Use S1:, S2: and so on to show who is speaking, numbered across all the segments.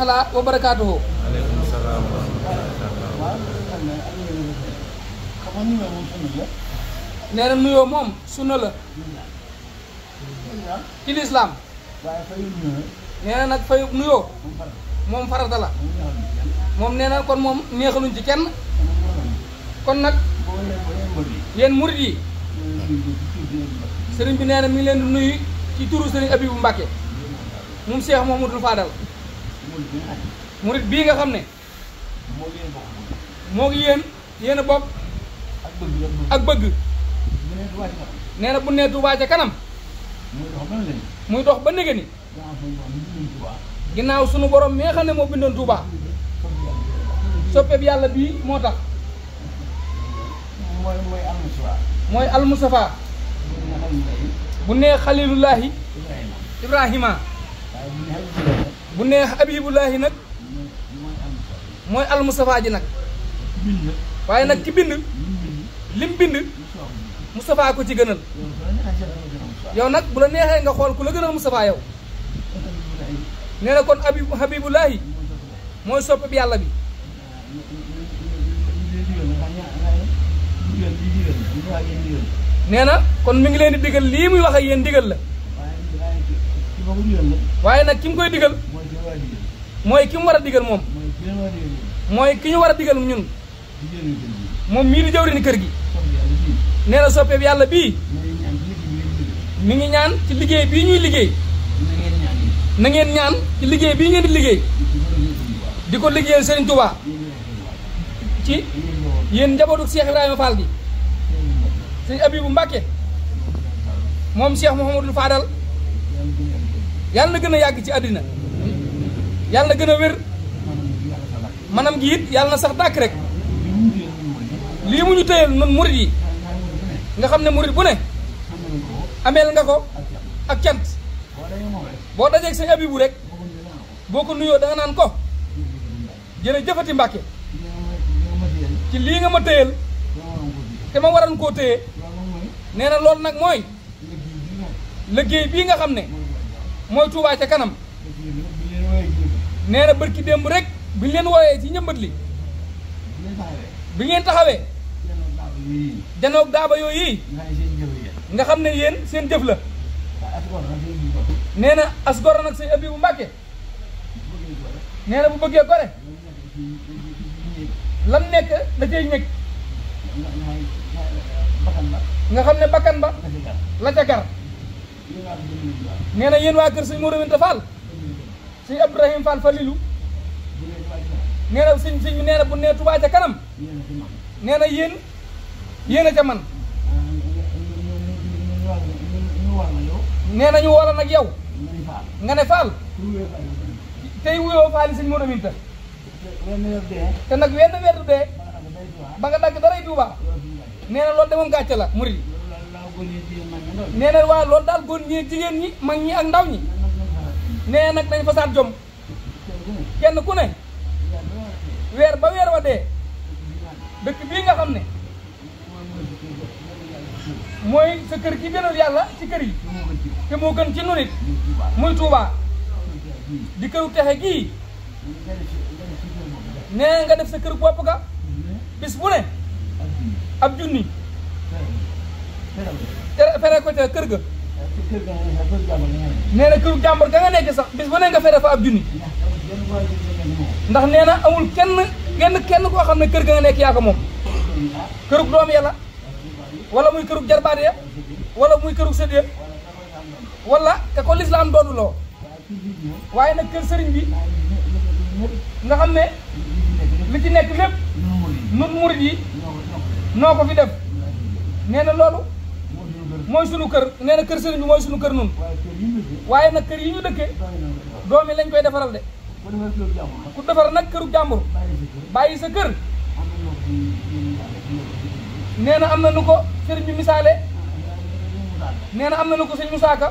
S1: xalaat wa barakaatuhu aleykum moom sunna la ci lislaam nee na nag fay nuyoo moom farata la moom nee kon moom neexaluñ ci kenn kon nag yéen murid sëriñ bi nee na mi ngi leen di ci turu dari Abibu Mbàkke mum Cheikh mamadou Fadal mourid bi nga xam mo moo ngi yeen yéen a bokk ak bëgg nee bu nee Tuubaa kanam muy dox ba néega ni ginnaaw sunu borom mi nga xam ne moo bindoon Tuubaa moy moy al moo moy al almusafa bu nee xalilullahi ibrahima bu nee habibullahi nag mooy almustafa ji nag waaye nag ki bind lim bind mustafa ci gënal yow nag bu la neexee nga xool ku la gënal mustafa yow nee na kon abi habibullahi mooy soppe bi yàlla bi nena kon mi ngi leen di digal lii muy wax ak yéen digal la waaye nag ki mu koy digal mooy ki mu war a digal moom mooy ki ñu war a digal ñun moom mii di ni kër gi nee na soppeeb yàlla bii mi ngi ñaan ci liggéey bii ñuy liggéey na ngeen ñaan ci liggéey bii ngeen di liggéey di ko liggéeyal Serigne Touba ci yéen njabootu Cheikh Ibrahima Fall gi sëñ Abibu Mbàkke moom Cheikh Mouhamadul Fadal yàlla na gën a yàgg ci àddina yàlla na gën a wér manam gi it yàlla na sax dàkk rek lii mu ñu téyal noonu murit yi nga xam ne murit bu ne ameel nga ko ak cant boo dajeeg sëñ Abibu rek boo ko nuyoo danga naan ko jërëjëfati Mbàkke ci lii nga ma téyal te ma waroon koo téye nee na loolu nag mooy liggéey bii nga xam ne mooy Touba ca kanam nee na bërki démb rek bi leen wooyee ci njëmbat li bi ngeen taxawee janoog daaba yooyu yi nga xam ne yéen seen jëf la nee na as goro nag sëñ Abibu Mbàkke nee na bu bëggee gore lan nekk da cay nga xam ne bakkan ba la ca gar nee na yéen waa kër sëñ Mourou Minta Fall sëñ Ibrahim Fall Falilu nee na sëñ sëñ nee na bu nee Touba ca kanam nee na yéen yéen a ca man nee na ñu woola nag yow nga ne Fall tey wuyoo Fall sëñ Mourou te nag wenn wetu dee ba nga dagg daray Touba nee na loolu de moom gàcce la murid nee na waaw loolu daal góor ñi jigéen ñi mag ñi ak ndaw ñi nee na nag dañ fasaat jom kenn ku ne weer ba weer wa dee dëkk bii nga xam ne mooy sa kër gi gënal yàlla ci kër yi te moo gën ci nunit muy Touba di këru texe gii nee nga def sa kër bopp ga bis bu ne hmm. ab junni hmm. fere ko ca kër ga hmm. nee na këru jàmbur ga nga nekk sax bis bu ne nga fere fa ab junni ndax nee na amul kenn genn kenn koo xam ne kër ga nga nekk yaa ko moom kërug doom yàlla wala muy kërug jarbaat ya wala muy kërug sët ya wala ka ko lislaam doonu loo waaye nag kër sëriñ bi nga xam ne li ci nekk lépp nun murit yi noo ko fi def nee na loolu mooy sunu kër nee na kër sëriñ bi mooy sunu kër nun waaye nag kër yi ñu dëkkee doom yi lañ koy defaral de ku defar nag këru jàmbur bàyyi sa kër nee na am na nu ko sëriñ bi misaale nee am na nu ko sëñ Musaa Ka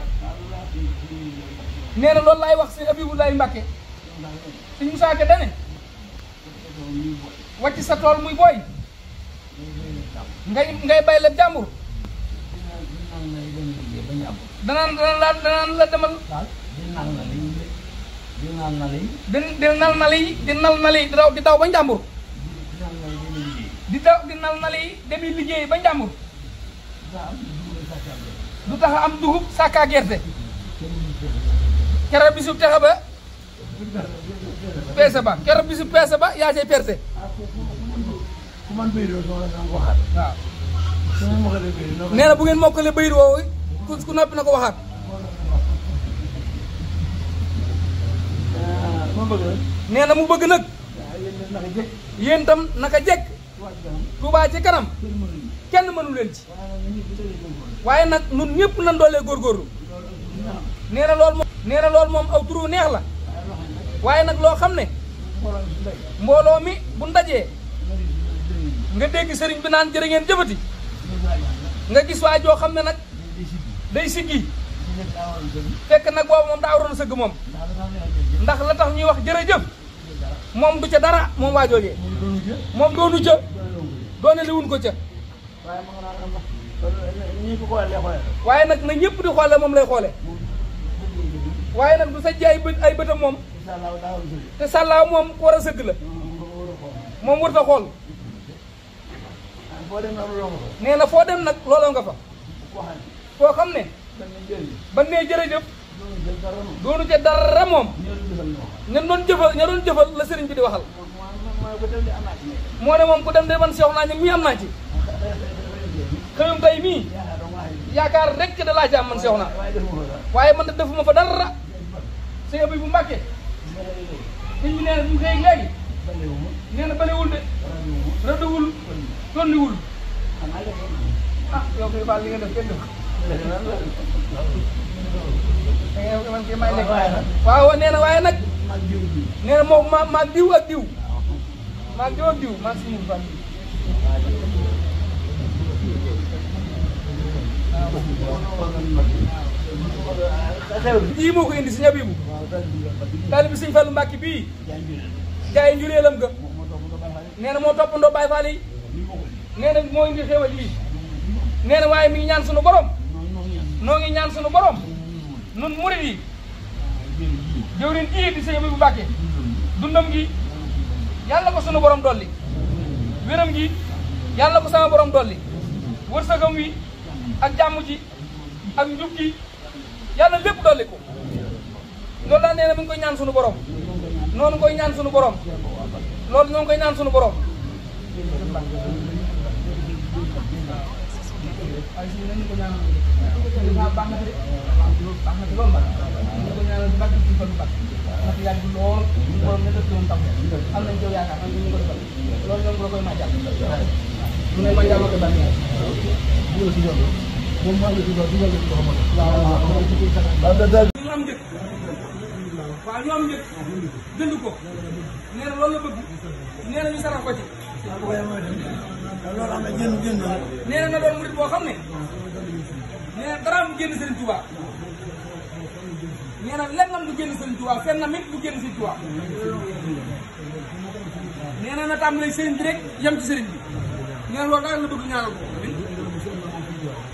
S1: nee na loolu laay wax sëñ Abibulaay Mbàkke sëñ Musaa Ka dane wacc sa tool muy booy ngay ngay bay la jàmbur danaan danaan la demal di nal na di nal na di daw di daw ba njàmbur di daw di nal na demi liggéey ba njàmbur du tax a am dugub sàkkaa gerte kere bisu texe ba peese ba keroog bisu peese ba su ma mokkalee béy doo nee na bu ngeen mokkalee béy woowu ku noppi na ko waxaat. nee mu bëgg nag. yéen itam naka jekk. Touba ci kanam. kenn mënu leen ci. waaye nag ñun ñëpp nan aw turu neex la waye nak lo xamne mbolo mi bu ndaje nga deg serigne bi nan jere ngeen jeufati nga gis wa jo xamne nak day siggi fekk nak bobu mom da waroon seug mom ndax la tax ñuy wax jere jeuf mom du ca dara moom waa joojee moom doonu ca doone li wun ko ca waye nak na ñepp di xolé mom lay xolé waye nak du sa ji ay beutam mom te sàllaaw moom ku war a la moom warut a xool nee dem nag looloo nga fa koo xam ne ba nee doonu ca dara moom ña doon jëfal ña doon jëfal la sëriñ bi di waxal moo ne moom ku dem de man seex ñi am ci rek da man man defuma fa dara bu sëñ ah, bi nee na bu ñu xëyee léegi. nee na balewul ma ma diw ak diw. ma diw ak diw ma si lii moo ko indi si ñabi bu taalibi sëñ Fallou Mbacke bi. gaa yi njureelam ga nee na moo toppandoo Baye Fall yi nee na moo indi xéewal yii nee na waaye mi ñaan sunu borom noo ngi ñaan sunu borom nun murid yi jëwrin jii di sëñ bi bu Mbacke dundam gi yàlla ko sunu borom dolli wéram gi yàlla ko sama borom dolli wërsëgam wi ak jàmm ji ak njub yàlla lépp dolli ko loolu laa nee na mi ñaan suñu borom noonu koy ñaan suñu borom loolu ñoo koy ñaan sunu borom. loolu waaw ñoom ñëpp jënd ko nee na loolu la bëgg nee na ñu sarax ko ci nee na na doon murit Serigne Touba nee na lennam du génn Serigne Touba fennam it du génn Serigne Touba nee na na Serigne ci Serigne bi bëgg ñaanal ko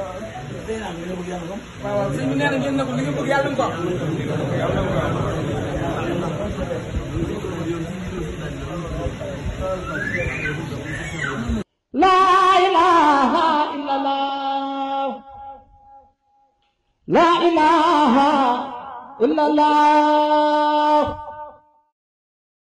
S1: waaw waaw sëñ bi nee na ngeen ne ko li nga bëgg yàlla nga ko am. yàlla nga ko am. laa ilaaha illallah. laa ilaaha illallah.